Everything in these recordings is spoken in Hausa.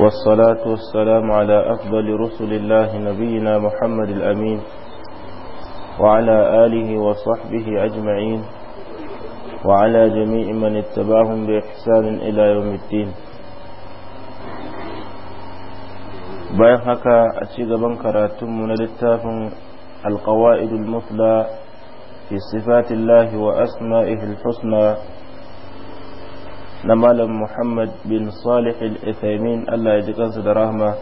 والصلاة والسلام على أفضل رسل الله نبينا محمد الأمين وعلى آله وصحبه أجمعين وعلى جميع من اتبعهم بإحسان إلى يوم الدين bayan haka a ci gaban karatunmu القوائد المثلى في صفات الله وأسمائه الحسنى na malam muhammad bin salih al-ithaimin allah ya ji kansa da rahama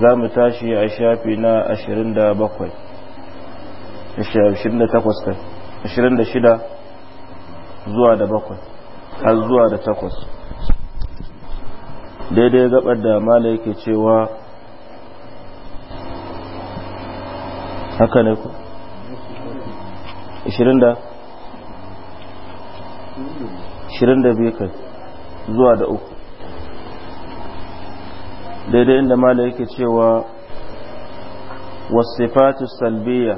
za mu tashi a shafi na 27 26 zuwa da 7 har zuwa da 8 daidai gabar da mala yake cewa haka ne ku 20 ashirin da biyu kai zuwa da uku daidai inda mala yake cewa wasifatu salbiya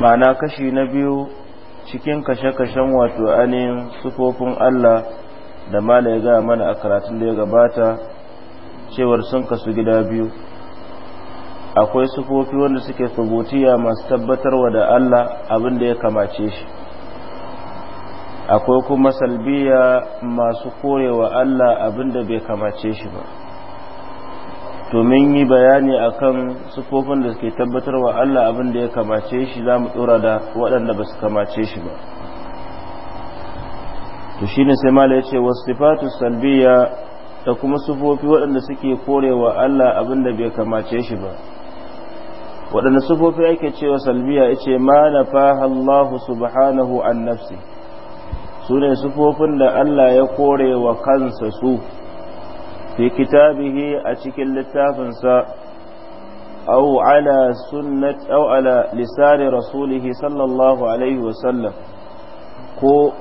ma'ana kashi na biyu cikin kashe-kashen wato ainihin sufofin Allah da mala ya gaya mana a karatun da ya gabata cewar sun kasu gida biyu akwai sufofi wanda suke subutiya masu tabbatarwa da Allah abin da ya kamace shi akwai kuma salbiya masu korewa Allah abin da bai kamace shi ba domin yi bayani akan sufofin da suke tabbatarwa Allah abin da ya kamace shi za mu dora da waɗanda ba su kamace shi ba to shine sai mala ya ce wasu salbiya da kuma sufofi waɗanda suke korewa Allah abin da bai kamace shi ba waɗanda sufofi ake cewa salbiya ya ce ma na subhanahu an nafsi su ne sufofin da Allah ya kore wa kansa su fi kitabihi a cikin littafinsa au ala sunnat au ala lisani rasulihi sallallahu alaihi wasallam ko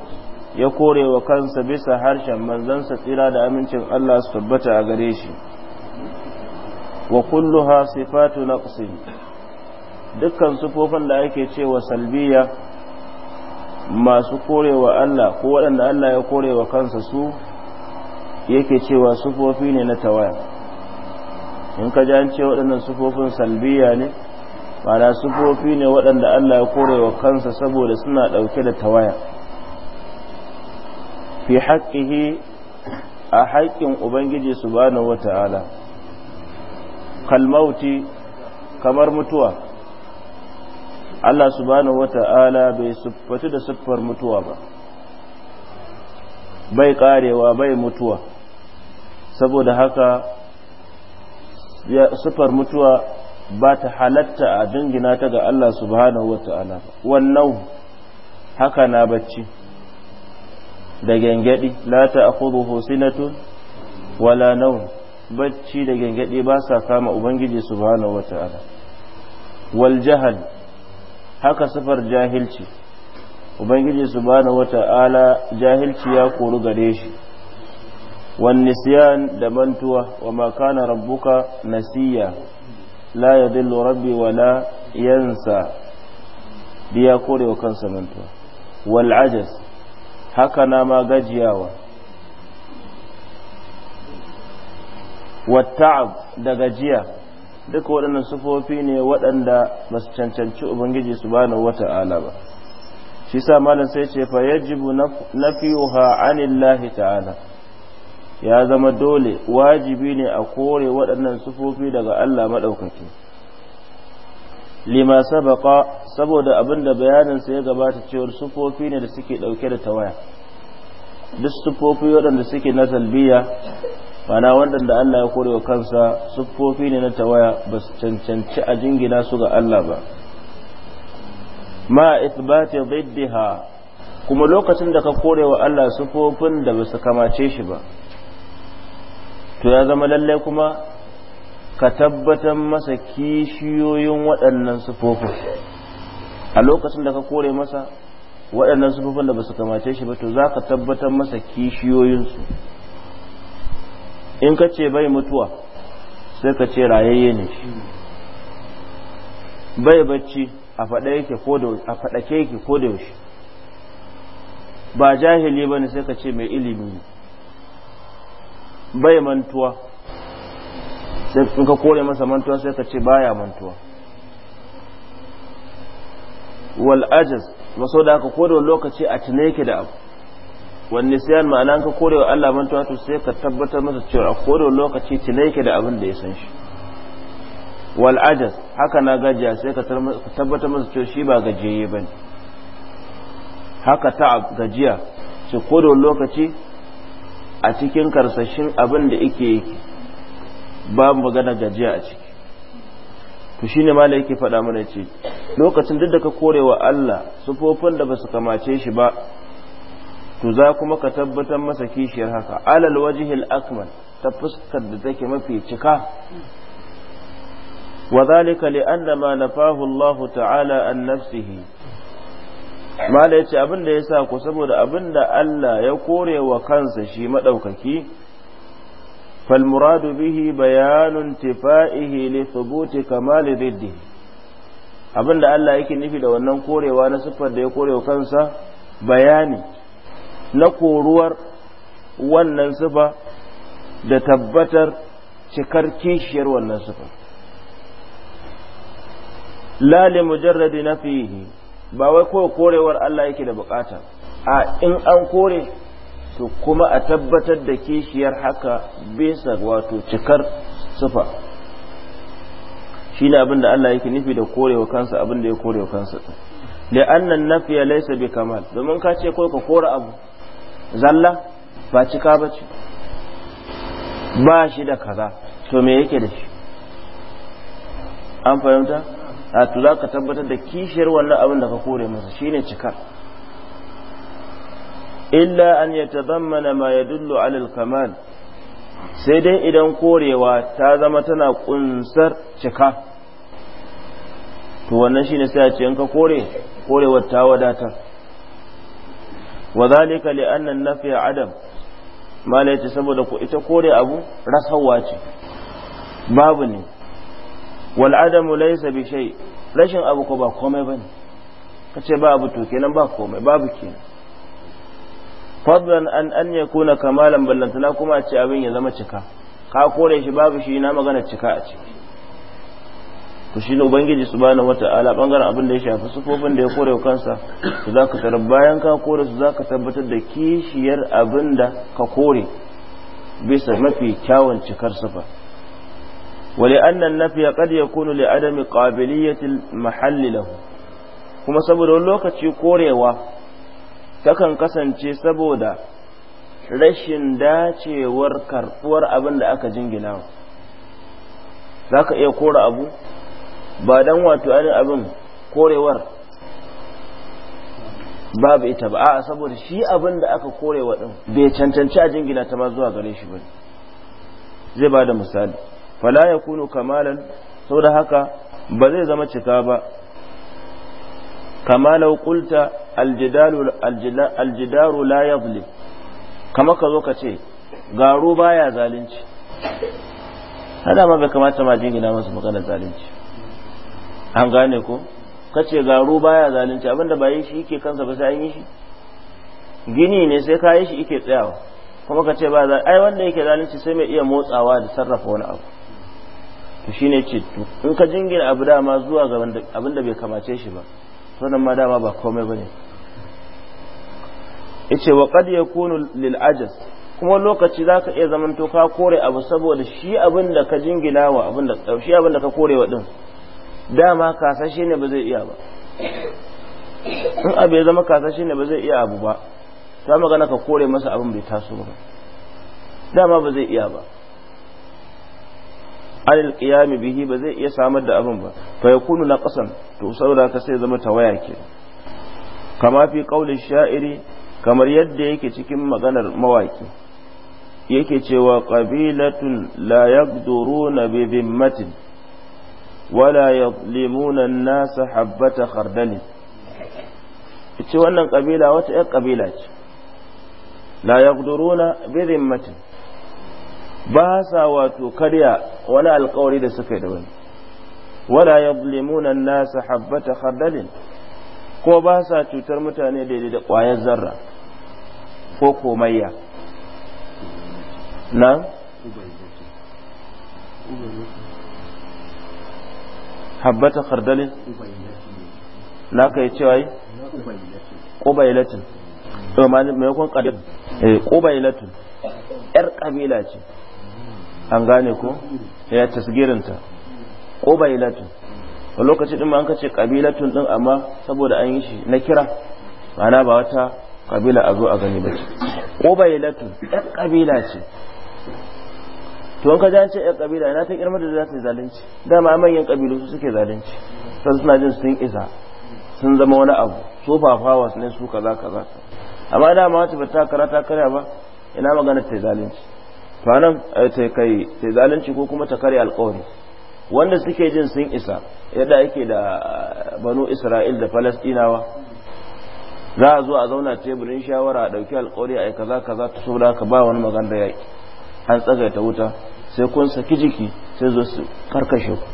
ya kore wa kansa bisa harshen manzansa tsira da amincin Allah su tabbata a gare shi wa kulluha sifatu naqsin dukkan sufofin da ake cewa salbiya masu korewa Allah ko waɗanda Allah ya korewa kansa su yake cewa sufofi ne na tawaya in ka ji an ce waɗannan sufofin salbiya ne mana sufofi ne waɗanda Allah ya korewa kansa saboda suna ɗauke da tawaya fi haƙƙihi a haƙƙin ubangiji subhanahu wata'ala kalmauti kamar mutuwa Allah subhanahu wata'ala bai siffatu da siffar mutuwa ba bai karewa bai mutuwa saboda haka siffar mutuwa ba ta halatta a dingina ta ga Allah subhanahu wata'ala wannan haka na bacci da gengedi la ta'khudhuhu sinatun wala nawm bacci da gengedi ba sa kama ubangiji subhanahu wata'ala wal jahal haka sifar jahilci ubangiji subhanahu wata'ala jahilci ya koru gare shi wan nisyan da mantuwa wa ma kana rabbuka nasiya la yadillu rabbi wa la yansa biya kore wa kansa mantuwa wal haka na ma gajiyawa wa. ta'ab da gajiya duk waɗannan sufofi ne waɗanda ba su cancanci ubangiji su bani ala ba shi sa malam sai ce fa yajibu nafiyuha anillahi ta'ala ya zama dole wajibi ne a kore waɗannan sufofi daga Allah maɗaukaki lima sabaka saboda abin da bayanin ya gabata cewar sufofi ne da suke ɗauke da tawaya duk sufofi waɗanda suke na talbiya mana waɗanda Allah ya kore wa kansa siffofi ne na tawaya ba su cancanci a jingina su ga Allah ba ma ithbati diddiha kuma lokacin da ka kore wa Allah siffofin da ba su kamace shi ba to ya zama lallai kuma ka tabbatar masa kishiyoyin waɗannan siffofin a lokacin da ka kore masa waɗannan siffofin da ba su kamace shi ba to za ka tabbatar masa kishiyoyinsu in ka ce bai mutuwa sai ka ce rayayye ne shi bai bacci a faɗa ko da a faɗake yake ko da yaushe ba jahili bane sai ka ce mai ilimi ne bai mantuwa sai in ka kore masa mantuwa sai ka ce baya mantuwa wal ajaz maso da aka ko da lokaci a tunai yake da abu wani siyan ma'ana ka kore wa Allah mantuwa to sai ka tabbatar masa cewa a kore lokaci tuna ke da abin da ya san shi wal ajas haka na gajiya sai ka tabbatar masa cewa shi ba gajiyayye ba haka ta gajiya ce kore lokaci a cikin karsashin abin da ike yake ba magana gajiya a ciki to shi shine malai yake faɗa mana ce lokacin duk da ka kore wa Allah sufofin da ba su kamace shi ba to za kuma ka tabbatar masa kishiyar haka alal wajihil akmal ta fuskar da take mafi cika wa zalika li anna ma nafahu Allah ta'ala an nafsihi mala yace abin da yasa ku saboda abin da Allah ya kore wa kansa shi madaukaki fal muradu bihi bayanun tifaihi li thubuti kamal riddihi abin da Allah yake nufi da wannan korewa na siffar da ya korewa kansa bayani na koruwar wannan sufa da tabbatar cikar kishiyar wannan sufa lali mujarradi na fiye ba wai kawai korewar Allah yake da bukata a in an kore to kuma a tabbatar da kishiyar haka bisa wato cikar sufa shi ne abin da Allah yake nufi da korewa kansa abin da ya korewa kansa li'annan nafiya laisa bi kamal domin ka ce kawai ka kora abu zalla ba cika ba ce ba shi da kaza to me yake da shi an fahimta a to za ka tabbatar da kishiyar wannan abin da ka kore masa shine cikar illa an yatadammana ma yadullu dullo kamal sai dai idan korewa ta zama tana kunsar cika to wannan shine sai a ce in ka kore korewar ta wadatar wa zalika li anna an-nafi adam mala yace saboda ko ita kore abu rasawa ce babu ne wal adamu laysa bi shay rashin abu ko ba komai bane kace ba abu to kenan ba komai babu kenan fadlan an an yakuna kamalan ballantana kuma a ce abin ya zama cika ka kore shi babu shi na magana cika a ciki ku shi ne ubangiji su bani wata ala bangaren abin da ya shafi sufofin da ya kore kansa su za ka tarar bayan ka kore su za ka tabbatar da kishiyar abin da ka kore bisa mafi kyawun cikar sufa wale annan nafiya kad ya kunu li adami qabiliyatil mahalli lahu kuma saboda wani lokaci korewa takan kasance saboda rashin dacewar karbuwar abin da aka jingina za ka iya kore abu ba dan wato ainihin abin korewar babu ita ba a saboda shi abin da aka korewa din bai cancanci a jingina ta ma zuwa gare shi ba zai ba da misali fala ya kunu kamalan saboda haka ba zai zama cika ba kama kulta aljidaru la kama ka zo ka ce garu baya zalunci hada ma bai kamata ma jingina masu maganar zalunci an gane ko kace garu baya zalunci abinda ba yi shi yake kansa ba sai an yi shi gini ne sai ka yi shi yake tsayawa kuma ka ce ba za ai wanda yake zalunci sai mai iya motsawa da sarrafa wani abu to shine ce in ka jingina abu dama zuwa ga abinda bai kamace shi ba to nan ma dama ba komai bane yace wa qad yakunu lil ajaz kuma lokaci zaka iya zamanto ka kore abu saboda shi abinda ka jingina abinda shi abinda ka kore wa din dama kasashe ne ba zai iya ba in abu ya zama kasashe ne ba zai iya abu ba ta magana ka kore masa abin bai taso ba dama ba zai iya ba alil qiyami bihi ba zai iya samar da abin ba fa yakunu kasan to saboda ka sai zama tawaya ke kama fi qaulin sha'iri kamar yadda yake cikin maganar mawaki yake cewa qabilatun la yaqduruna bi dhimmatin wala يظلمون الناس حبة habbata ita wannan kabila wata ‘yan kabila ce, la ya birin matin, ba sa wato karya wani alkawari da suka yi da wani, wala ya limunan nasa habbata hardalin, ko ba sa cutar mutane daidai da ƙwayar zarra ko komayya. Na? habbata khardalin na ka yi cewa yi ƙubailatin to maimakon ƙadar ƙubailatin eh, yar ƙabila ce an gane ko ya tasgirinta ƙubailatin a lokacin ɗin ma an kace ƙabilatun ɗin amma saboda an yi shi na kira ma'ana ba wata ƙabila a zo a gani ba ce ƙubailatin yar ƙabila ce to ka kaji an ce yan kabila ina ta kirmar da za ta yi zalunci dama manyan kabilu su suke zalunci sun suna jin sun isa sun zama wani abu so fafawa ne su kaza kaza amma dama wata ba ta kara ta karya ba ina magana ta zalunci to anan eh, ta kai ta zalunci ko kuma ta karya alkawari wanda suke jin sun isa yadda ake da eh, banu isra'il da falastinawa za a zo a zauna teburin shawara a ɗauki alkawari a yi kaza kaza ta saboda ka ba wani magana da yaƙi an tsagaita wuta sai kun saki jiki sai zo su karkashe ku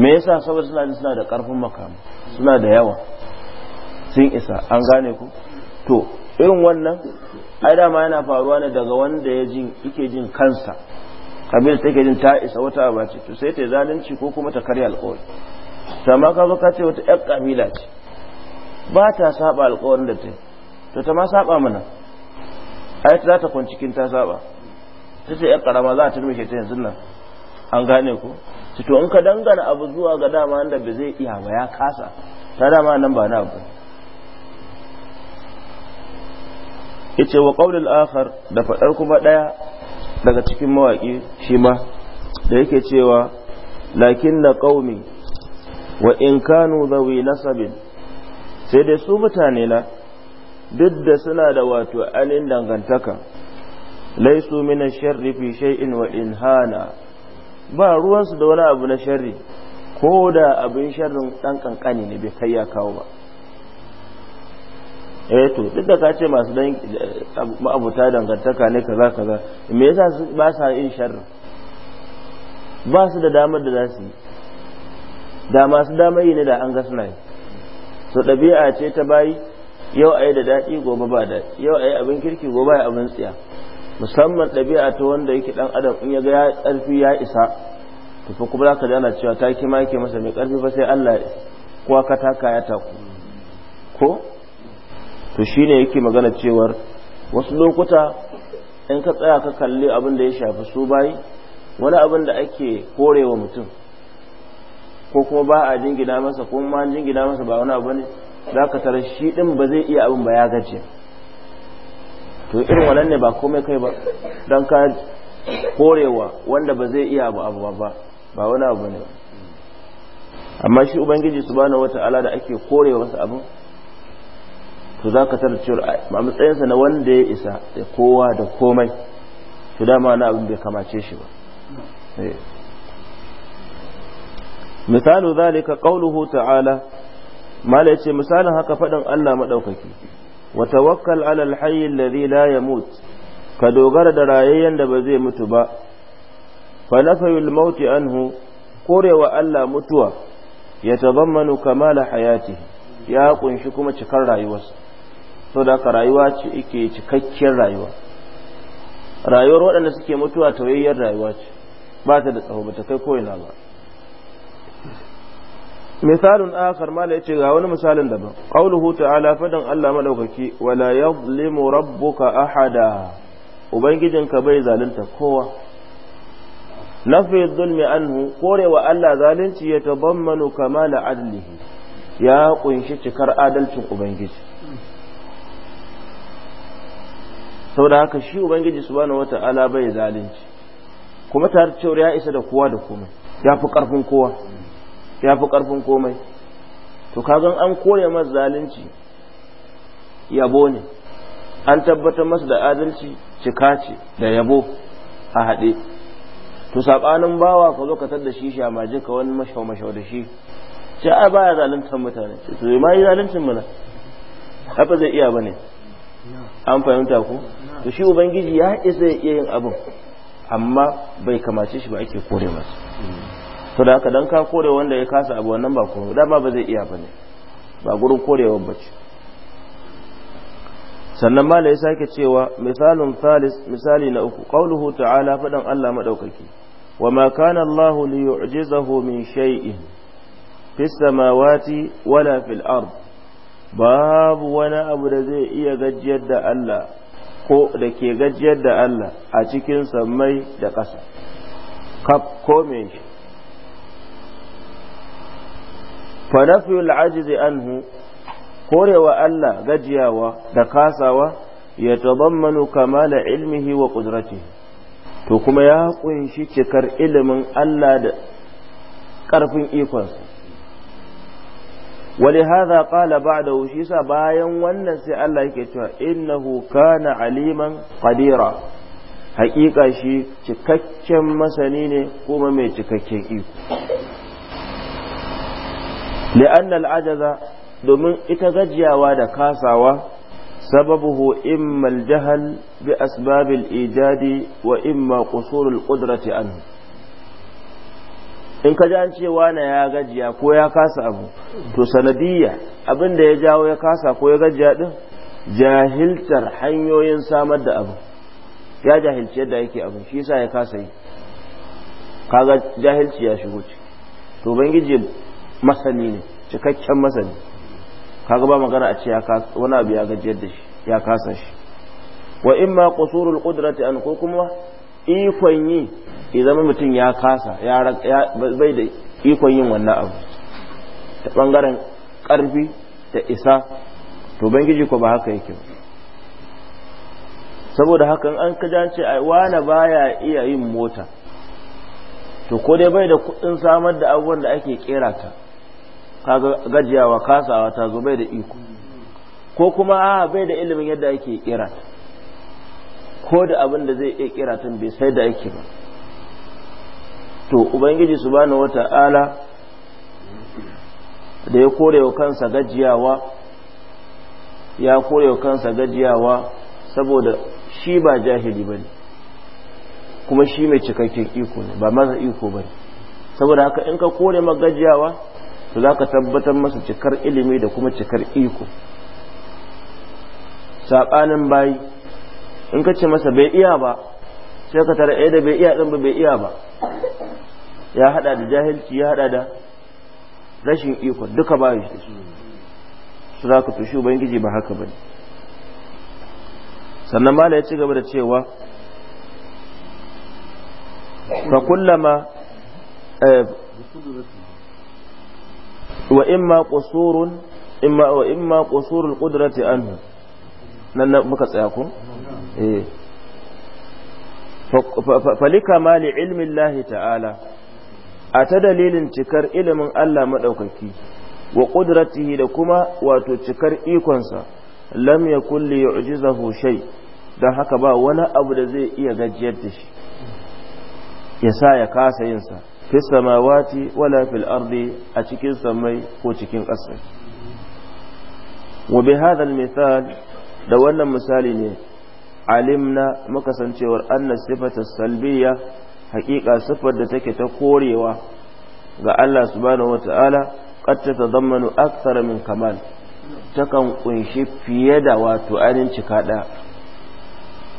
me yasa saboda suna da suna da karfin makamu suna da yawa sun isa an gane ku to irin wannan ai dama yana faruwa ne daga wanda ya jin yake jin kansa kabila take jin ta isa wata ba ce to sai ta zalunci ko kuma ta karya alƙawari amma ka zo ka ce wata ƴar kabila ce ba ta saba alƙawarin da ta yi to ta ma saba mana ai ta za ta kwanci kin ta saba ta ce yar karama za a shi ta yanzu nan an gane ku to in ka dangana abu zuwa ga dama wanda ba zai iya ba ya kasa ta dama nan ba na abu yace wa qaulul akhar da fadar kuma daya daga cikin mawaki shi ma da yake cewa lakin na qaumi wa in kanu nasabin sai dai su mutane na duk da suna da wato anin dangantaka laisu mina sharri fi shay'in wa in hana ba ruwansu da wani abu na sharri ko da abin sharrin dan kankani ne bai kai ya kawo ba eh to duk da ka ce masu dan ma'abuta dangantaka ne kaza kaza me yasa su ba sa yin sharri ba su da damar da za su yi da masu damar yi ne da an ga suna yi to ɗabi'a ce ta bayi yau a yi da daɗi gobe ba daɗi yau a yi abin kirki gobe a yi abin tsiya musamman ɗabi'a ta wanda yake ɗan adam in ya ga ya ƙarfi ya isa to fa kuma zaka jana cewa ta ki maki masa mai ƙarfi ba sai Allah kuwa ka taka ya taku ko to shine yake magana cewar wasu lokuta in ka tsaya ka kalli abin da ya shafi su bayi wani abin da ake korewa mutum ko kuma ba a jingina masa ko ma jingina masa ba wani abu ne za ka tarar shi ɗin ba zai iya abin ba ya gajiya to irin wannan ne ba komai kai ba don ka korewa wanda ba zai iya abu ba ba wani abu ne amma shi ubangiji subhanahu wata'ala da ake korewa wasu abu to zaka ka tarar a matsayinsa na wanda ya isa da kowa da komai to dama na abin bai kamace shi ba eh. misalu zalika qauluhu ta'ala mala yace misalin haka fadin Allah madaukaki wa tawakkal ala alhayy alladhi la yamut ka dogara da rayayyen da ba zai mutu ba fa nafayul anhu korewa Allah mutuwa ya tabammanu kamala hayati ya kunshi kuma cikar rayuwa ce cikakkiyar rayuwa rayuwar waɗanda suke mutuwa tauyayyar rayuwa ce ba da tsawo ba kai koyina ba misalun akhar ya yace ga wani misalin daban qauluhu ta'ala fadan Allah maɗaukaki wala ka rabbuka ahada ubangijinka bai zalunta kowa fi zulmi anhu wa Allah zalunci ya tabammanu kamala adlihi ya kunshi cikar adalcin ubangiji da haka shi ubangiji wata ala bai zalunci kuma tare cewar ya isa da kowa da komai ya fi karfin kowa ya fi ƙarfin komai to kagan an koya masa zalunci yabo ne an tabbatar masa da adalci cika ce da yabo a haɗe to saɓanin bawa ka zo ka tar da shi shamaje ka wani mashau mashau da shi ce ba baya zaluntar mutane ce to ma yi zaluncin mana haka zai iya bane an fahimta ku? to shi ubangiji ya isa ya iya yin abin amma bai kamace shi ba ake kore masa to da haka dan ka kore wanda ya kasa abu wannan ba kuma dama ba zai iya bane ba gurin korewar bace sannan mala ya sake cewa misalun thalis misali na uku qauluhu ta'ala fadan Allah madaukaki wama kana Allah li yu'jizahu min shay'in fis samawati wala fil ard babu wani abu da zai iya gajiyar da Allah ko da ke gajiyar da Allah a cikin samai da ƙasa kap ko me fa nafiyul ajizi anhu korewa Allah gajiyawa da kasawa ya tabammanu kamala ilmihi wa qudratihi to kuma ya kunshi cikar ilimin Allah da ƙarfin ikonsa ولهذا قال بعده شيسا bayan wannan sai Allah yake cewa innahu kana aliman kadira haƙiƙa shi cikakken masani ne kuma mai cikakken iko لأن al'ajaza domin ita gajiyawa da kasawa إما الجهل بأسباب الإيجاد bi asbabil القدرة wa in ka ji an ce wane ya gajiya ko ya kasa abu to sanadiyya abin da ya jawo ya kasa ko ya gajiya din jahiltar hanyoyin samar da abu ya jahilci yadda yake abu shi yasa ya kasa yi kaga jahilci ya shigo ciki to bangiji masani ne cikakken masani kaga ba magana a ce wani abu ya gajiyar da shi ya kasa shi wa in ma qusurul qudrati an ko kuma ikon yi idan mutum ya kasa ya bai da ikon yin wannan abu ta bangaren karfi da isa to bangiji ko ba haka yake saboda haka an kaja ce ai wani baya iya yin mota to ko dai bai da kudin samar da abubuwan da ake kera ta kaga gajiyawa kasawa ta zo bai da iko ko kuma a bai da ilimin yadda ake kira ko da abin da zai iya kira tun bai sai da ake ba to ubangiji subhanahu wata'ala da ya korewa kansa gajiyawa ya korewa kansa gajiyawa saboda shi ba jahili bane kuma shi mai cikakken iko ne ba maza iko bane saboda haka in ka kore ma gajiyawa. to za ka tabbatar masa cikar ilimi da kuma cikar iko saɓanin bayi in ka ce masa bai iya ba sai ka tara eh, da bai iya ɗin ba bai iya ba ya haɗa da jahilci ya haɗa da rashin iko duka bayi shi su za ka tushe ubangiji ba haka ba sannan mala ya ci gaba da cewa ka kullama eh, wa imma qusurun imma wa imma qusurul qudrati anhu nan na muka tsaya ku. eh falikamali ilmin lahi ta'ala a ta dalilin cikar ilimin Allah maɗaukaki wa ƙudratihi da kuma wato cikar ikonsa lam ya kulle ya ujizahu shai don haka ba wani abu da zai iya gajiyar da shi ya sa ya kasa yinsa fi samawati wala fil ardi a cikin samai ko cikin ƙasa wa bi hadha al da wannan misali ne alimna muka san cewa anna sifatu salbiyya haƙiƙa sifar da take ta korewa ga Allah subhanahu wa ta'ala qad tatadammanu akthar min kamal takan kunshi fiye da wato ainihin cika ɗaya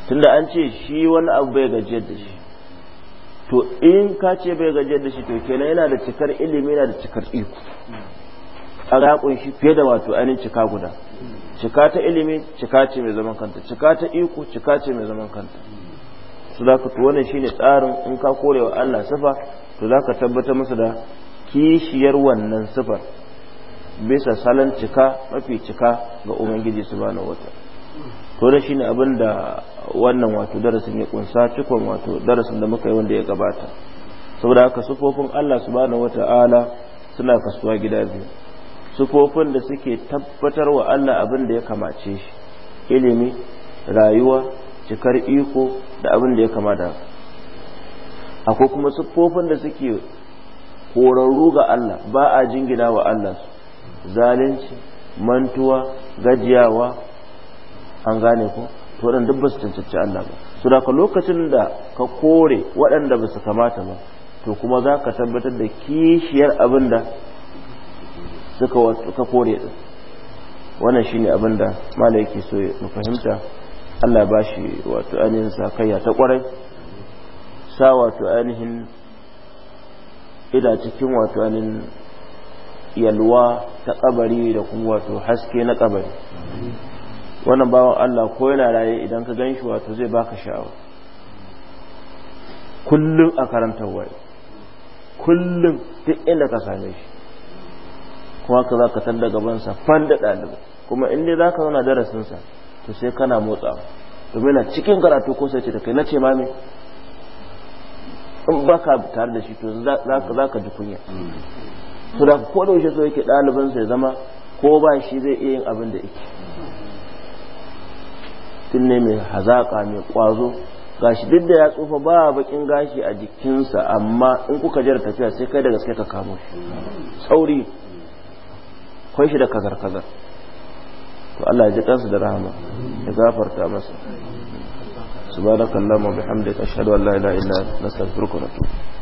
tunda an ce shi wani abu bai gajiyar da shi to in ka ce bai gajiyar da shi to kenan yana da cikar ilimi yana da cikar iko a raƙun shi fiye da wato ainihin cika guda cika ta ilimi cika ce mai zaman kanta cika ta iko cika ce mai zaman kanta su za ka to wannan shine tsarin in ka kore wa Allah sifa to za ka tabbatar masa da kishiyar wannan sifar bisa salon cika mafi cika ga ubangiji subhanahu wata. to da shine abin da wannan wato darasin ya kunsa cikon wato darasin da muka yi wanda ya gabata saboda haka sufofin Allah subhanahu wata'ala suna kasuwa gida biyu sufofin da suke tabbatar wa Allah abin da ya kamace shi ilimi rayuwa cikar iko da abin da ya kamata akwai kuma sufofin da suke horarru ga Allah ba a jingina wa Allah zalunci mantuwa gajiyawa an gane ku to dan duk su cancanci Allah ba su da lokacin da ka kore waɗanda ba su kamata ba to kuma za ka tabbatar da kishiyar abin da suka ka kore din wannan shine abin da mala yake so ya fahimta Allah ba shi wato ainihin kaiya ta kwarai sa wato ainihin ida cikin wato ainihin yalwa ta kabari da kuma wato haske na kabari wannan bawan Allah ko yana raye idan ka gan shi wato zai baka sha'awa kullum a karanta waye kullum duk inda ka same shi kuma ka za ka talla gabansa fan da ɗalibai kuma in dai za ka zauna darasinsa to sai kana motsa domin na cikin karatu ko sai ce da kai na ce mami in ba ka tare da shi to za ka ji kunya hmm. to da ko da yaushe so yake ɗalibansa ya zama ko ba shi zai iya yin abin da yake mutum ne mai hazaƙa mai ƙwazo gashi duk da ya tsufa ba bakin gashi a jikinsa amma in kuka jira tafiya sai kai da gaske ka kamo shi tsauri kwai shi da kazar kazar to Allah ya ji kansa da rahama ya gafarta masa subhanakallahumma bihamdika ashhadu an la ilaha illa anta astaghfiruka wa atubu